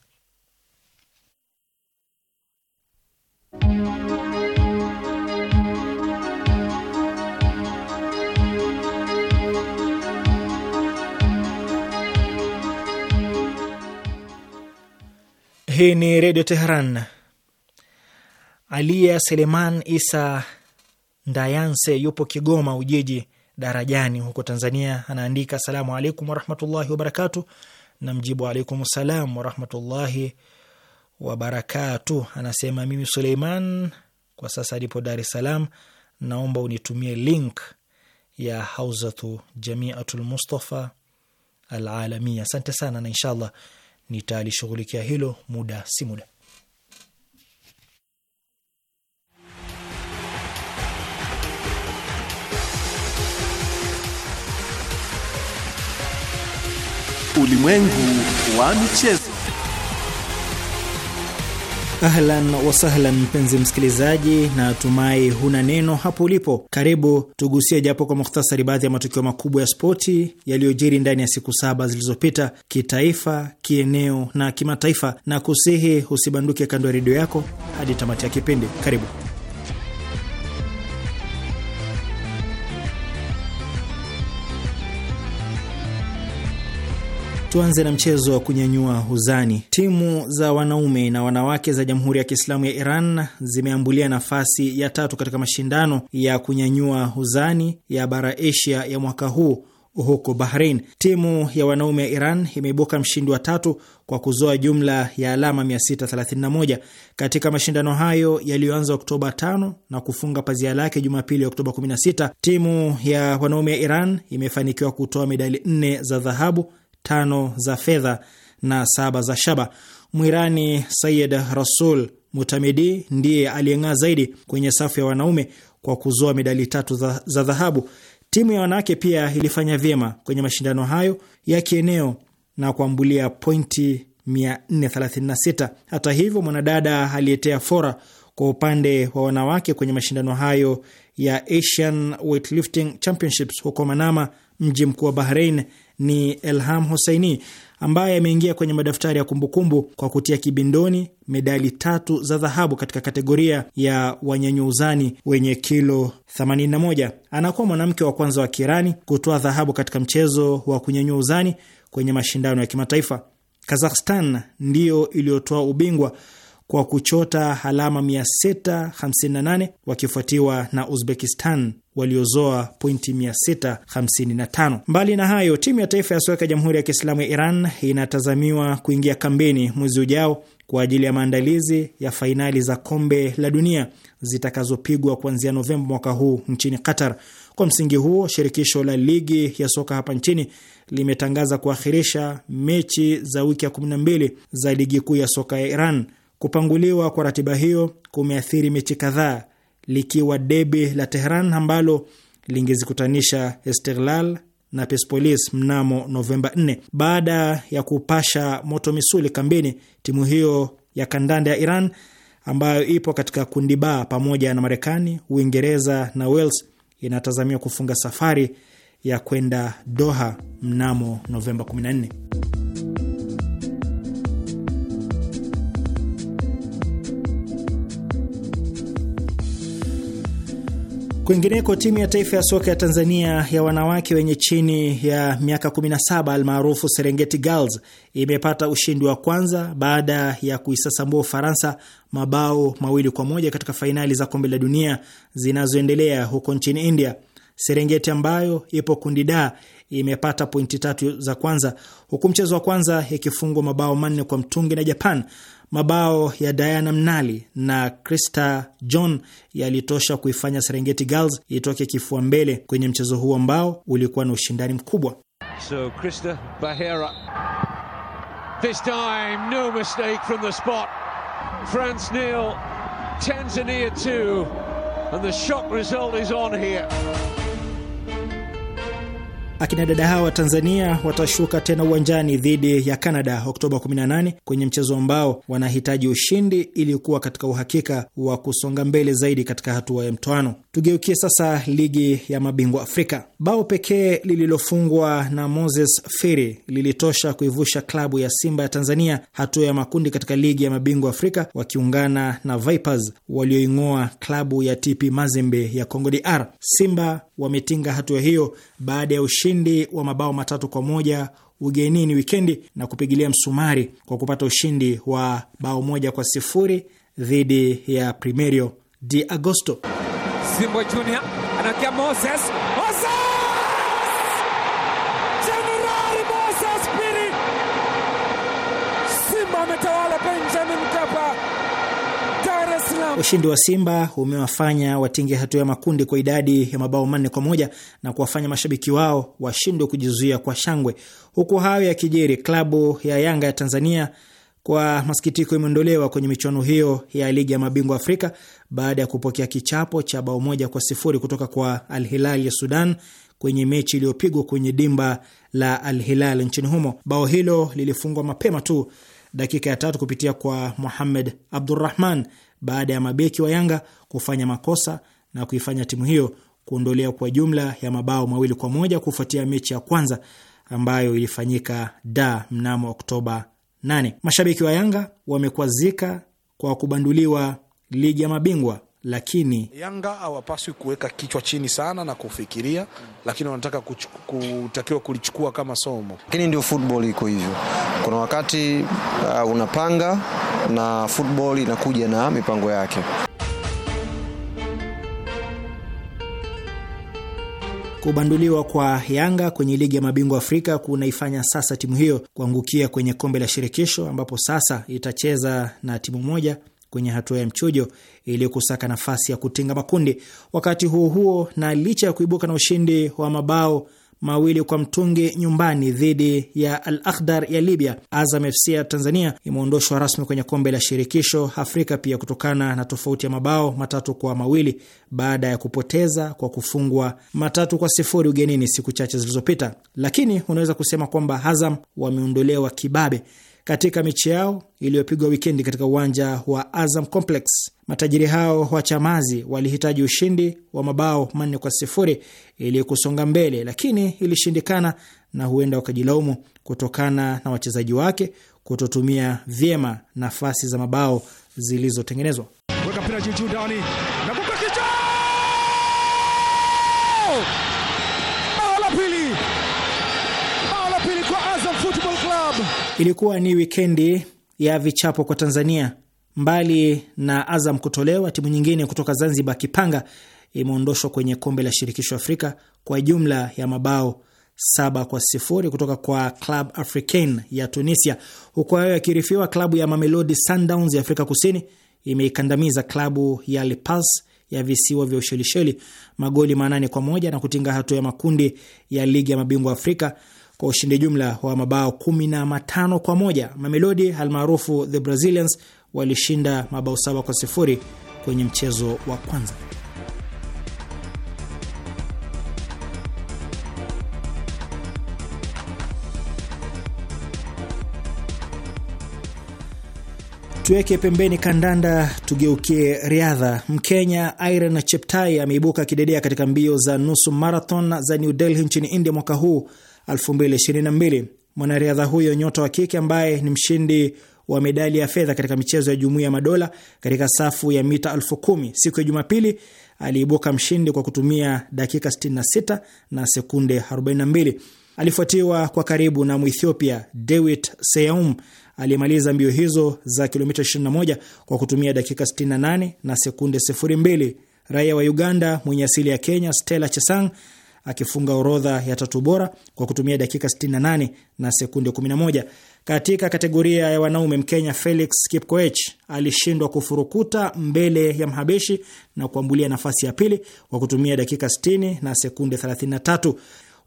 Hii ni Redio Teheran. alia Seleman Isa Ndayanse yupo Kigoma Ujiji darajani huko Tanzania, anaandika: asalamu alaikum warahmatullahi wabarakatuh na mjibu alaikum salam warahmatullahi wabarakatu. Anasema mimi Suleiman kwa sasa alipo Dar es Salaam, naomba unitumie link ya hauzatu Jamiatul Mustafa Alalamia. Asante sana, na inshallah nitalishughulikia hilo muda si muda. Ulimwengu wa michezo. Ahlan wasahlan, mpenzi msikilizaji, na tumai huna neno hapo ulipo. Karibu tugusie japo kwa mukhtasari baadhi ya matukio makubwa ya spoti yaliyojiri ndani ya siku saba zilizopita, kitaifa, kieneo na kimataifa, na kusihi usibanduke kando ya redio yako hadi tamati ya kipindi. Karibu. Tuanze na mchezo wa kunyanyua huzani. Timu za wanaume na wanawake za Jamhuri ya Kiislamu ya Iran zimeambulia nafasi ya tatu katika mashindano ya kunyanyua huzani ya bara Asia ya mwaka huu huko Bahrain. Timu ya wanaume ya Iran imeibuka mshindi wa tatu kwa kuzoa jumla ya alama 631 katika mashindano hayo yaliyoanza Oktoba 5 na kufunga pazia lake Jumapili Oktoba 16. Timu ya wanaume ya Iran imefanikiwa kutoa medali nne za dhahabu tano za fedha na saba za shaba. Mwirani Sayed Rasul Mutamidi ndiye aliyeng'aa zaidi kwenye safu ya wanaume kwa kuzoa medali tatu za dhahabu. Timu ya wanawake pia ilifanya vyema kwenye mashindano hayo ya kieneo na kuambulia pointi 436. Hata hivyo, mwanadada aliyetea fora kwa upande wa wanawake kwenye mashindano hayo ya Asian Weightlifting Championships huko Manama, mji mkuu wa Bahrain, ni Elham Hoseini ambaye ameingia kwenye madaftari ya kumbukumbu kumbu kwa kutia kibindoni medali tatu za dhahabu katika kategoria ya wanyanyuuzani wenye kilo 81. Anakuwa mwanamke wa kwanza wa Kirani kutoa dhahabu katika mchezo wa kunyanyua uzani kwenye mashindano ya kimataifa. Kazakhstan ndiyo iliyotoa ubingwa kwa kuchota alama 658 wakifuatiwa na Uzbekistan waliozoa pointi 655. Mbali na hayo, timu ya taifa ya soka ya Jamhuri ya Kiislamu ya Iran inatazamiwa kuingia kambeni mwezi ujao kwa ajili ya maandalizi ya fainali za kombe la dunia zitakazopigwa kuanzia Novemba mwaka huu nchini Qatar. Kwa msingi huo, shirikisho la ligi ya soka hapa nchini limetangaza kuakhirisha mechi za wiki ya 12 za ligi kuu ya soka ya Iran. Kupanguliwa kwa ratiba hiyo kumeathiri mechi kadhaa likiwa debi la Tehran ambalo lingezikutanisha Esteghlal na Persepolis mnamo Novemba 4. Baada ya kupasha moto misuli kambini, timu hiyo ya kandanda ya Iran ambayo ipo katika kundi ba pamoja na Marekani, Uingereza na Wales inatazamiwa kufunga safari ya kwenda Doha mnamo Novemba 14. Kwingineko, timu ya taifa ya soka ya Tanzania ya wanawake wenye chini ya miaka 17 almaarufu Serengeti Girls imepata ushindi wa kwanza baada ya kuisasambua Ufaransa mabao mawili kwa moja katika fainali za kombe la dunia zinazoendelea huko nchini India. Serengeti ambayo ipo kundi da imepata pointi tatu za kwanza huku mchezo wa kwanza ikifungwa mabao manne kwa mtungi na Japan. Mabao ya Diana Mnali na Krista John yalitosha kuifanya Serengeti Girls itoke kifua mbele kwenye mchezo huo ambao ulikuwa na ushindani mkubwa. So Krista Bahera this time no mistake from the spot. France nil, Tanzania and the shock result is on here. Akina dada hawa wa Tanzania watashuka tena uwanjani dhidi ya Canada Oktoba 18 kwenye mchezo ambao wanahitaji ushindi ili kuwa katika uhakika wa kusonga mbele zaidi katika hatua ya mtoano. Tugeukie sasa ligi ya mabingwa Afrika. Bao pekee lililofungwa na Moses Firi lilitosha kuivusha klabu ya Simba ya Tanzania hatua ya makundi katika ligi ya mabingwa Afrika, wakiungana na Vipers walioing'oa klabu ya TP Mazembe ya Congo DR. Simba wametinga hatua hiyo baada ya ushindi wa mabao matatu kwa moja ugenini wikendi na kupigilia msumari kwa kupata ushindi wa bao moja kwa sifuri dhidi ya Primeiro de Agosto. Zimbwe Junior anakia Moses Moses General Moses Piri. Simba ametawala Benjamin Mkapa. Ushindi wa Simba umewafanya watinge hatua ya makundi kwa idadi ya mabao manne kwa moja na kuwafanya mashabiki wao washindwe kujizuia kwa shangwe. Huku hayo ya kijeri, klabu ya Yanga ya Tanzania kwa masikitiko imeondolewa kwenye michuano hiyo ya ligi ya mabingwa Afrika baada ya kupokea kichapo cha bao moja kwa sifuri kutoka kwa Al Hilal ya Sudan kwenye mechi iliyopigwa kwenye dimba la Al Hilal nchini humo. Bao hilo lilifungwa mapema tu dakika ya tatu kupitia kwa Muhamed Abdurrahman baada ya mabeki wa Yanga kufanya makosa na kuifanya timu hiyo kuondolea kwa jumla ya mabao mawili kwa moja kufuatia mechi ya kwanza ambayo ilifanyika da mnamo Oktoba nane. Mashabiki wa Yanga wamekwazika kwa kubanduliwa ligi ya mabingwa, lakini Yanga hawapaswi kuweka kichwa chini sana na kufikiria mm, lakini wanataka kutakiwa kulichukua kama somo, lakini ndio football iko hivyo. Kuna wakati uh, unapanga na football inakuja na mipango yake. Kubanduliwa kwa Yanga kwenye ligi ya mabingwa Afrika kunaifanya sasa timu hiyo kuangukia kwenye kombe la shirikisho ambapo sasa itacheza na timu moja kwenye hatua ya mchujo ili kusaka nafasi ya kutinga makundi. Wakati huo huo, na licha ya kuibuka na ushindi wa mabao mawili kwa mtungi nyumbani dhidi ya Al Akhdar ya Libya. Azam FC ya Tanzania imeondoshwa rasmi kwenye kombe la shirikisho Afrika pia kutokana na tofauti ya mabao matatu kwa mawili baada ya kupoteza kwa kufungwa matatu kwa sifuri ugenini siku chache zilizopita, lakini unaweza kusema kwamba Azam wameondolewa kibabe katika michi yao iliyopigwa wikendi katika uwanja wa Azam Complex Matajiri hao wachamazi walihitaji ushindi wa mabao manne kwa sifuri ili kusonga mbele, lakini ilishindikana, na huenda wakajilaumu kutokana na wachezaji wake kutotumia vyema nafasi za mabao zilizotengenezwa. Ilikuwa ni wikendi ya vichapo kwa Tanzania Mbali na Azam kutolewa, timu nyingine kutoka Zanzibar, Kipanga, imeondoshwa kwenye kombe la shirikisho Afrika kwa jumla ya mabao saba kwa sifuri kutoka kwa Club Africain ya Tunisia. Huku hayo yakirifiwa, klabu ya Mamelodi Sundowns ya Afrika Kusini imeikandamiza klabu ya Lepas ya visiwa vya Ushelisheli magoli manane kwa moja na kutinga hatua ya makundi ya ligi ya mabingwa Afrika kwa ushindi jumla wa mabao kumi na matano kwa moja. Mamelodi almaarufu the Brazilians walishinda mabao saba kwa sifuri kwenye mchezo wa kwanza. Tuweke pembeni kandanda, tugeukie riadha. Mkenya Irene Cheptai ameibuka kidedea katika mbio za nusu marathon za New Delhi nchini India mwaka huu 2022. Mwanariadha huyo nyota wa kike ambaye ni mshindi wa medali ya fedha katika michezo ya Jumuiya ya Madola katika safu ya mita elfu kumi siku ya Jumapili aliibuka mshindi kwa kutumia dakika 66 na sekunde 42. Alifuatiwa kwa karibu na Mwethiopia Dewit Seyaum aliyemaliza mbio hizo za kilomita 21 kwa kutumia dakika 68 na sekunde 02. Raia wa Uganda mwenye asili ya Kenya Stella Chesang akifunga orodha ya tatu bora kwa kutumia dakika 68 na sekunde katika kategoria ya wanaume, Mkenya Felix Kipkoech alishindwa kufurukuta mbele ya Mhabeshi na kuambulia nafasi ya pili kwa kutumia dakika 60 na sekunde 33.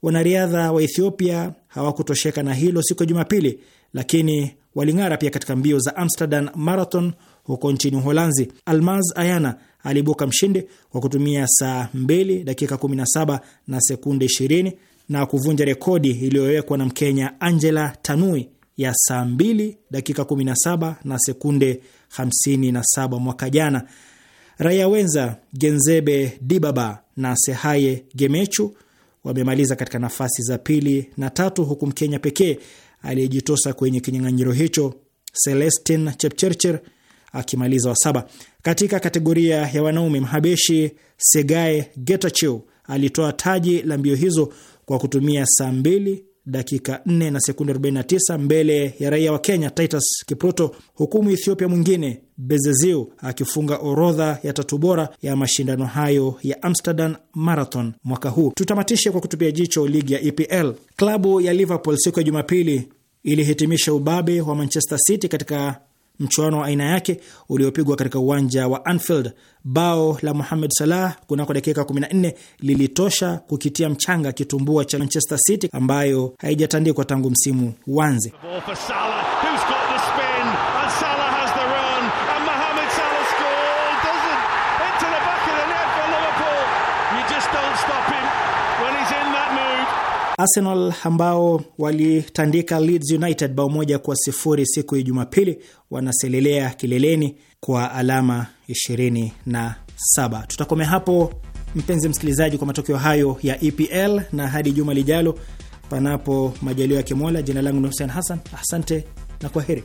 Wanariadha wa Ethiopia hawakutosheka na hilo siku ya Jumapili, lakini waling'ara pia katika mbio za Amsterdam Marathon huko nchini Uholanzi. Almaz Ayana aliibuka mshindi kwa kutumia saa 2 dakika 17 na sekunde 20 na kuvunja rekodi iliyowekwa na Mkenya Angela Tanui ya saa 2 dakika 17 na sekunde 57 mwaka jana. Raia wenza Genzebe Dibaba na Sehaye Gemechu wamemaliza katika nafasi za pili na tatu, huku Mkenya pekee aliyejitosa kwenye kinyang'anyiro hicho Celestin Chepchirchir akimaliza wa saba. Katika kategoria ya wanaume, Mhabeshi Segae Getachew alitoa taji la mbio hizo kwa kutumia saa mbili dakika 4 na sekunde 49 mbele ya raia wa Kenya Titus Kipruto, hukumu Ethiopia mwingine Bezeziu akifunga orodha ya tatu bora ya mashindano hayo ya Amsterdam Marathon mwaka huu. Tutamatishe kwa kutupia jicho ligi ya EPL. Klabu ya Liverpool siku ya Jumapili ilihitimisha ubabe wa Manchester City katika mchuano wa aina yake uliopigwa katika uwanja wa Anfield. Bao la Mohamed Salah kunako dakika 14 lilitosha kukitia mchanga kitumbua cha Manchester City ambayo haijatandikwa tangu msimu wanze Arsenal ambao walitandika Leeds United bao moja kwa sifuri siku ya Jumapili wanaselelea kileleni kwa alama 27. Tutakomea hapo mpenzi msikilizaji, kwa matokeo hayo ya EPL na hadi juma lijalo, panapo majalio ya Kimola. Jina langu ni Hussein Hassan, asante na kwa heri.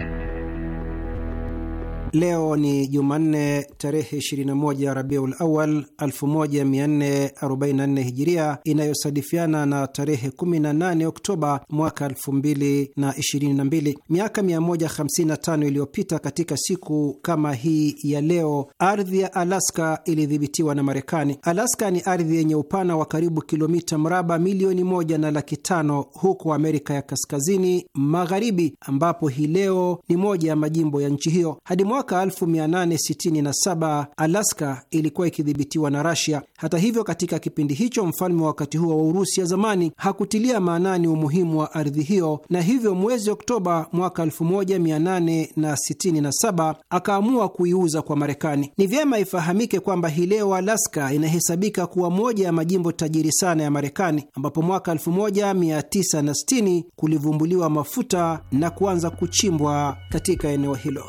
Leo ni Jumanne tarehe 21 Rabiul Awal 1444 Hijiria, inayosadifiana na tarehe 18 Oktoba mwaka 2022. Miaka 155 iliyopita, katika siku kama hii ya leo, ardhi ya Alaska ilidhibitiwa na Marekani. Alaska ni ardhi yenye upana wa karibu kilomita mraba milioni moja na laki tano huko Amerika ya Kaskazini Magharibi, ambapo hii leo ni moja ya majimbo ya nchi hiyo hadi mwaka mwaka 1867 Alaska ilikuwa ikidhibitiwa na Rasia. Hata hivyo, katika kipindi hicho mfalme wa wakati huo wa Urusi ya zamani hakutilia maanani umuhimu wa ardhi hiyo, na hivyo mwezi Oktoba mwaka 1867 akaamua kuiuza kwa Marekani. Ni vyema ifahamike kwamba hii leo Alaska inahesabika kuwa moja ya majimbo tajiri sana ya Marekani, ambapo mwaka 1960 kulivumbuliwa mafuta na kuanza kuchimbwa katika eneo hilo.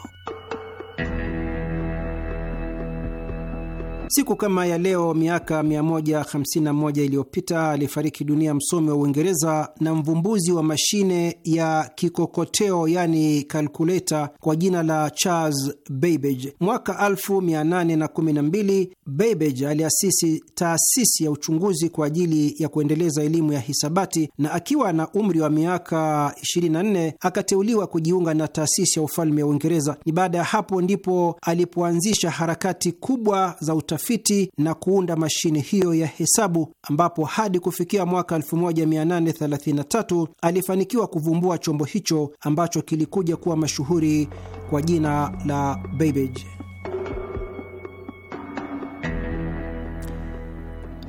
Thank you. Siku kama ya leo miaka 151 iliyopita alifariki dunia msomi wa Uingereza na mvumbuzi wa mashine ya kikokoteo yani kalkuleta kwa jina la Charles Babbage. Mwaka 1812 Babbage aliasisi taasisi ya uchunguzi kwa ajili ya kuendeleza elimu ya hisabati, na akiwa na umri wa miaka 24 akateuliwa kujiunga na taasisi ya ufalme wa Uingereza. Ni baada ya hapo ndipo alipoanzisha harakati kubwa za utafiti utafiti na kuunda mashine hiyo ya hesabu, ambapo hadi kufikia mwaka 1833 alifanikiwa kuvumbua chombo hicho ambacho kilikuja kuwa mashuhuri kwa jina la Babbage.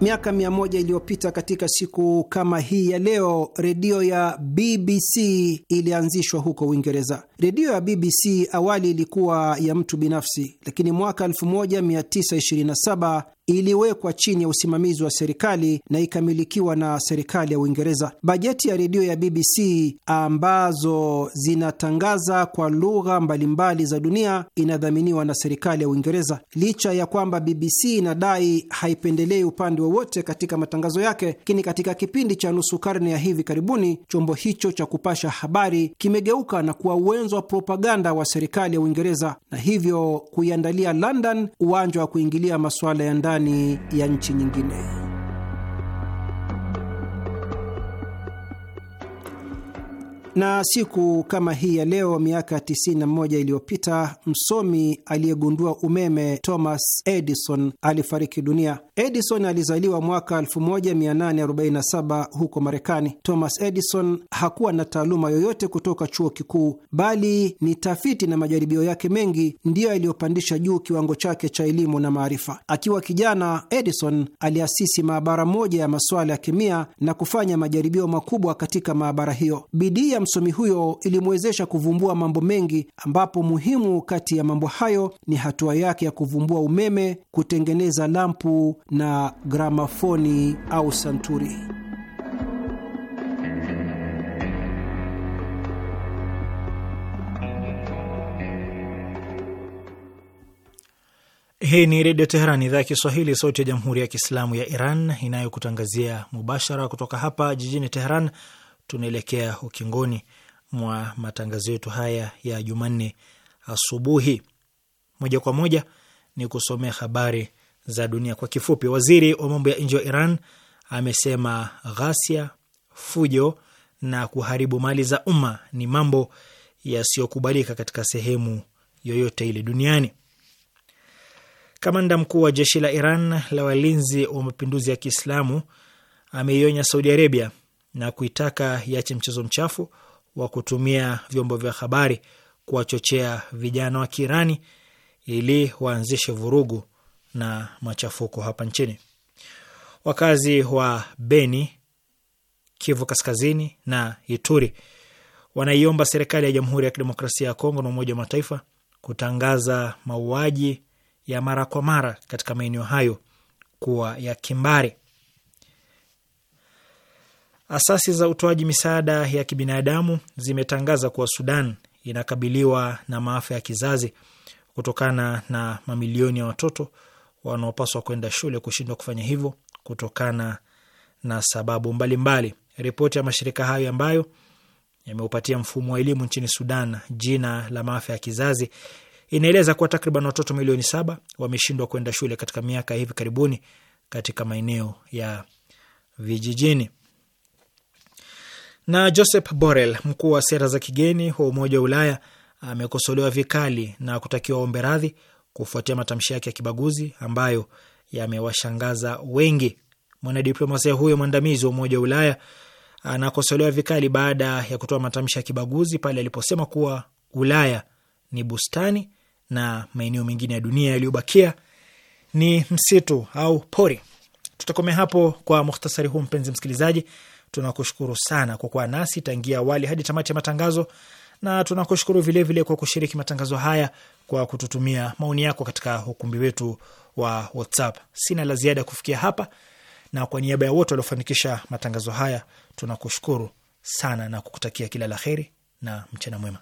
Miaka mia moja iliyopita katika siku kama hii ya leo, redio ya BBC ilianzishwa huko Uingereza. Redio ya BBC awali ilikuwa ya mtu binafsi, lakini mwaka 1927 iliwekwa chini ya usimamizi wa serikali na ikamilikiwa na serikali ya Uingereza. Bajeti ya redio ya BBC ambazo zinatangaza kwa lugha mbalimbali za dunia inadhaminiwa na serikali ya Uingereza, licha ya kwamba BBC inadai haipendelei upande wowote katika matangazo yake. Lakini katika kipindi cha nusu karne ya hivi karibuni, chombo hicho cha kupasha habari kimegeuka na kuwa uwenzo wa propaganda wa serikali ya Uingereza na hivyo kuiandalia London uwanja wa kuingilia masuala ya ndani ndani ya nchi nyingine. Na siku kama hii ya leo miaka 91 iliyopita msomi aliyegundua umeme Thomas Edison alifariki dunia. Edison alizaliwa mwaka 1847 huko Marekani. Thomas Edison hakuwa na taaluma yoyote kutoka chuo kikuu, bali ni tafiti na majaribio yake mengi ndiyo yaliyopandisha juu kiwango chake cha elimu na maarifa. Akiwa kijana, Edison aliasisi maabara moja ya masuala ya kemia na kufanya majaribio makubwa katika maabara hiyo. Bidii ya msomi huyo ilimwezesha kuvumbua mambo mengi, ambapo muhimu kati ya mambo hayo ni hatua yake ya kuvumbua umeme, kutengeneza lampu na gramafoni au santuri. Hii ni Redio Teheran, idhaa ya Kiswahili, sauti ya Jamhuri ya Kiislamu ya Iran inayokutangazia mubashara kutoka hapa jijini Teheran. Tunaelekea ukingoni mwa matangazo yetu haya ya Jumanne asubuhi. Moja kwa moja ni kusomea habari za dunia. Kwa kifupi, waziri wa mambo ya nje wa Iran amesema ghasia, fujo na kuharibu mali za umma ni mambo yasiyokubalika katika sehemu yoyote ile duniani. Kamanda mkuu wa jeshi la Iran la walinzi wa mapinduzi ya Kiislamu ameionya Saudi Arabia na kuitaka iache mchezo mchafu wa kutumia vyombo vya habari kuwachochea vijana wa Kiirani ili waanzishe vurugu na machafuko hapa nchini. Wakazi wa Beni, Kivu Kaskazini na Ituri wanaiomba serikali ya Jamhuri ya Kidemokrasia ya Kongo na Umoja wa Mataifa kutangaza mauaji ya mara kwa mara katika maeneo hayo kuwa ya kimbari. Asasi za utoaji misaada ya kibinadamu zimetangaza kuwa Sudan inakabiliwa na maafa ya kizazi kutokana na mamilioni ya watoto wanaopaswa kwenda shule kushindwa kufanya hivyo kutokana na sababu mbalimbali. Ripoti ya mashirika hayo ambayo yameupatia mfumo wa elimu nchini Sudan jina la maafa ya kizazi inaeleza kuwa takriban watoto milioni saba wameshindwa kwenda shule katika miaka ya hivi karibuni katika maeneo ya vijijini. Na Joseph Borrell, mkuu wa sera za kigeni wa Umoja wa Ulaya, amekosolewa vikali na kutakiwa ombe radhi kufuatia matamshi yake ya kibaguzi ambayo yamewashangaza wengi. Mwanadiplomasia huyo mwandamizi wa Umoja wa Ulaya anakosolewa vikali baada ya kutoa matamshi ya kibaguzi pale aliposema kuwa Ulaya ni bustani na maeneo mengine ya dunia yaliyobakia ni msitu au pori. Tutakomea hapo kwa muhtasari huu, mpenzi msikilizaji. Tunakushukuru sana kwa kuwa nasi tangia awali hadi tamati ya matangazo, na tunakushukuru vilevile kwa kushiriki matangazo haya kwa kututumia maoni yako katika ukumbi wetu wa WhatsApp. Sina la ziada kufikia hapa, na kwa niaba ya wote waliofanikisha matangazo haya tunakushukuru sana na kukutakia kila la heri na mchana mwema.